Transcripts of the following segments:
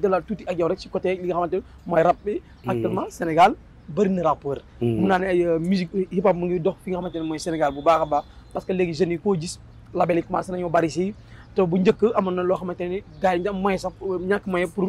dalal tuuti ak rek ci côté li nga xamante mooy rap bi mm. actuellement Sénégal bëri na rappeur mm. mun naa ne ay euh, musique euh, hip hop mu ngi dox fi nga xamante ne mooy Sénégal bu baax a baax parce que léegi jeunes yi koo gis label yi commencé nañoo bari si te bu njëkk amoon na loo xamante ne gars yi ñu am moyen euh, ñàkk moyen pour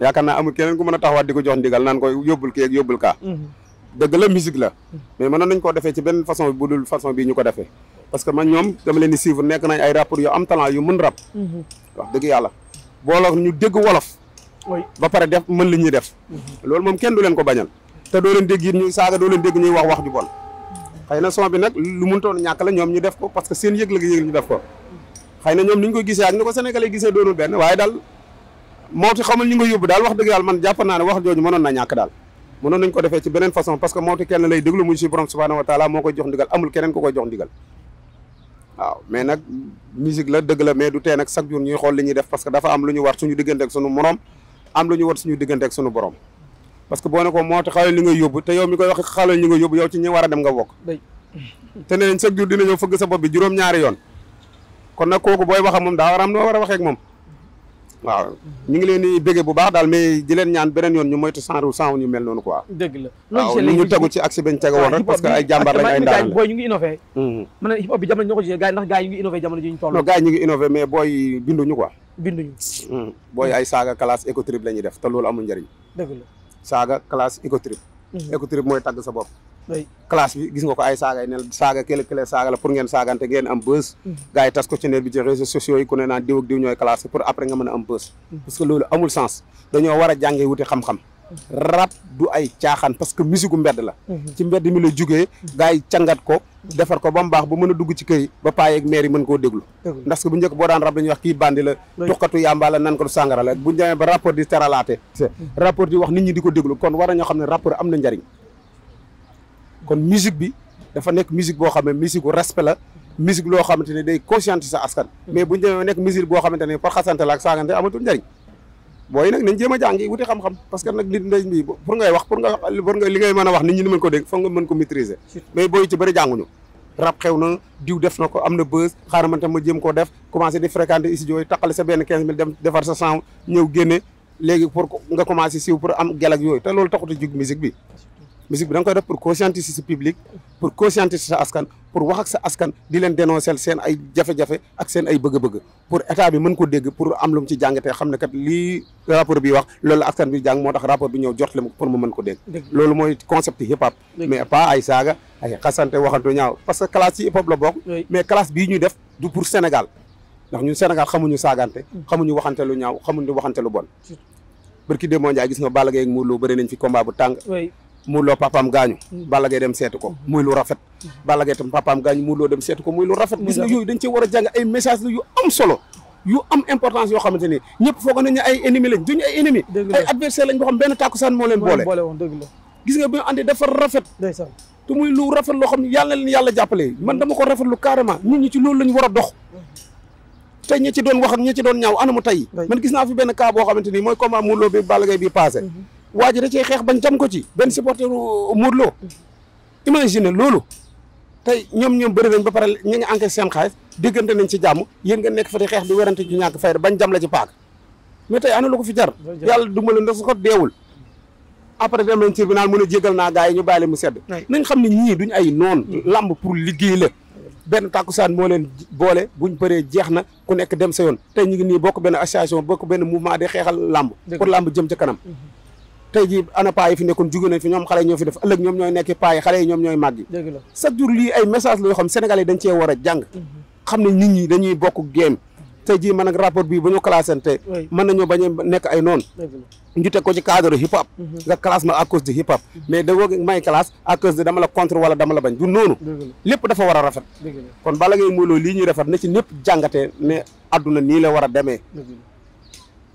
yaakaar naa amul keneen ku mën a taxawaat di ko jox ndigal naan ko yóbbul kii yóbbul kaa mhm. dëgg la musique la mais mënoon nañ koo defee ci benn façon bu nekk nañ ay rappeurs yu am talent yu mën rap mhm. dëgg yàlla booloo ñu dégg wolof ba pare def mën li ñuy def mhm. loolu moom kenn du leen ko bañal te doo leen dégg it ñuy saaga doo leen dégg ñuy wax wax ju bon xëy na son bi nag lu mëntoon ñàkk la ñoom ñu def ko parce que seen yëg la ñu def ko xëy na ñoom ni ñu ko mawti xamul ñu nga yóbbu daal wax dëgg yàlla man jàpp wax jooju mënoon na ñàkk daal mënoon nañ ko defee ci beneen façon parce que mawti kenn lay déglu muy si borom subhanahu wa moo koy jox ndigal amul keneen ku mais nag musique la dëgg la mais tee nag chaque jour ñuy xool li ñuy def parce que am lu ñu war suñu diggante ak suñu ñu war suñu diggante borom parce que boo ne ko mawti xalal li nga yóbbu te yow mi koy wax xalal li nga yóbbu yow ci ñi war a dem nga bokk yoon kon nag kooku booy wax ak moom daa war am noo war a waxee ak moom waaw ñu ngi leen di béggee bu baax daal mais di leen ñaan beneen yoon ñu moytu sanru sanwun ñu mel noonu quoi dëgg la waaw ñu ñu tegu ci accès bañ tege woon rek parce que ay jàmbaar lañ ay ndaanaan booy ñu ngi innové hmm. mën na hip hop bi jamono ñu ko jiyee gars yi ndax gars ñu ngi innové mais booy binduñu quoi binduñu hmm. booy ay saaga classe écotrip la ñuy def te loolu amul njëriñ dëgg la saaga classe écotrip hmm. écotrip mooy tagg sa bopp classe bi gis nga ko ay saagay ne saaga kële kële saaga la pour ngeen saagante ngeen am bës mm-hmm. gars yi tas ko ci net bi ci réseaux sociaux yi ku ne naan diw diw ñooy classe pour après nga mën a am bës mm-hmm. parce que loolu amul sens dañoo war a jàngee wuti xam-xam mm-hmm. rap du ay caaxaan parce que musique mbedd la ci mbedd mi la jugee gars yi cangat ko defar ko ba mu baax ba mën a dugg ci kër yi ba paa yeeg mën koo déglu ndax que bu njëkk boo daan rab dañuy wax kii bandi la tuxkatu yàmba la nan ko du sàngara la bu ñu demee ba war nañoo xam ne rapport am na njariñ kon musique bi dafa nekk musique boo xam ne musique bu respect la musique loo xamante ne day sa askan mais buñu demee nekk musique boo xamante ne par xasante la ak saagante amatul njëriñ booy nag a jàngi wuti xam-xam parce que nag li ndañ bi pour ngay wax pour nga pour nga ngay mën a wax nit ñi ni mën ko dégg foog nga mën ko maîtriser booy ci bëri jànguñu rab xew na diw na ko am na bës xaaral man tam ma jéem koo def commencé di fréquenter studio yi taqale sa benn quinze mille dem defar sa cent ñëw génne léegi pour nga commencé siiw pour am gel yooyu te loolu taxut a jug musique bi musique bi da nga koy def pour conscientiser sa public pour conscientiser sa askan pour wax ak sa askan di leen dénoncer seen ay jafe-jafe ak seen ay bëgg-bëgg pour état bi mën ko dégg pour am lu mu ci jàngatee xam ne kat lii rapport bi wax loolu la askan bi jàng moo tax rapport bi ñëw jot leen pour mu ko dégg. loolu mooy concept hip hop. mais pas ay parce que classe ci hip hop la bokk. mais classe bii ñuy def du pour Sénégal ndax ñun Sénégal xamuñu saagante. Mm. xamuñu waxante lu ñaaw xamuñu waxante lu bon. barki démb Ndiaye gis nga Balla Gaye ak Modou Lo bëri nañ fi combat bu tàng. Modou Lo papaam gaañu Balla Gaye dem seetu ko mm-hmm. muy lu rafet mm-hmm. Balla Gaye tam papaam gaañu Modou Lo dem seetu ko muy lu rafet gis nga yooyu dañ cee ni ñëpp foog nañ ne ay ennemi lañ duñu ay ennemi ay adversaire lañ rafet te muy lu rafet loo xam ne yàlla leen yàlla jàppale man dama ko rafetlu carrément nit ñi ci loolu lañ war a dox mm-hmm. tey ñi ci doon wax ñi ci doon ñaaw anamu tey man gis naa fi benn cas boo xamante mooy combat Modou Lo bi Balla bi passé waa ji da cee xeex bañ jam ko ci benn supporter Modou Lo imagine loolu tey ñoom ñoom bëri nañ ba pare ñu ngi encaissé seen xaalis diggante nañ ci jàmm yéen nga nekk fa di xeex di werante ju ñàkk fayda bañ jam la ci paak mais tey ana lu ko fi jar yàlla dumbale ndax su ko deewul après dem nañ tribunal mun a jégal naa gars yi ñu bàyyi leen mu sedd nañ xam ne ñii duñ ay noon lamb pour liggéey la benn saan moo leen boole buñ bëree jeex na ku nekk dem sa yoon tey ñu ngi nii bokk benn association bokk benn mouvement di xeexal lamb pour lamb jëm ca kanam mhm. tey jii ana paa fi nekkoon jóge nañ fi ñoom xale ñoo fi def ëllëg ñoom ñooy nekk paa yi xale yi ñoom ñooy màgg yi chaque jour lii ay message la yoo xam Sénégal a mhm. nit ñi dañuy bokk géem tey jii man ak rapport bii bu ñu classante mën nañoo bañ a nekk ay noonu ñu teg ko ci cadre hip hop mhm. nga classe ma à cause de hip hop mhm. mais da nga may classe a cause de dama la contre wala dama la bañ du noonu lépp dafa war a rafet kon bala ngay mooloo lii ñu rafet na ci ñëpp jàngatee ne adduna nii la war a demee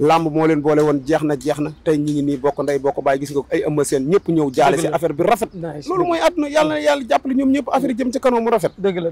làmb moo leen boole woon jeex na jeex na tey ñi nii bokk ndey bokk baay gis nga ay ëmb seen ñëpp ñëw jaale si affaire bi rafet loolu mooy àdduna yàlla na yàlla jàppale ñoom ñëpp affaire yi jëm ci kanam mu rafet dëgg la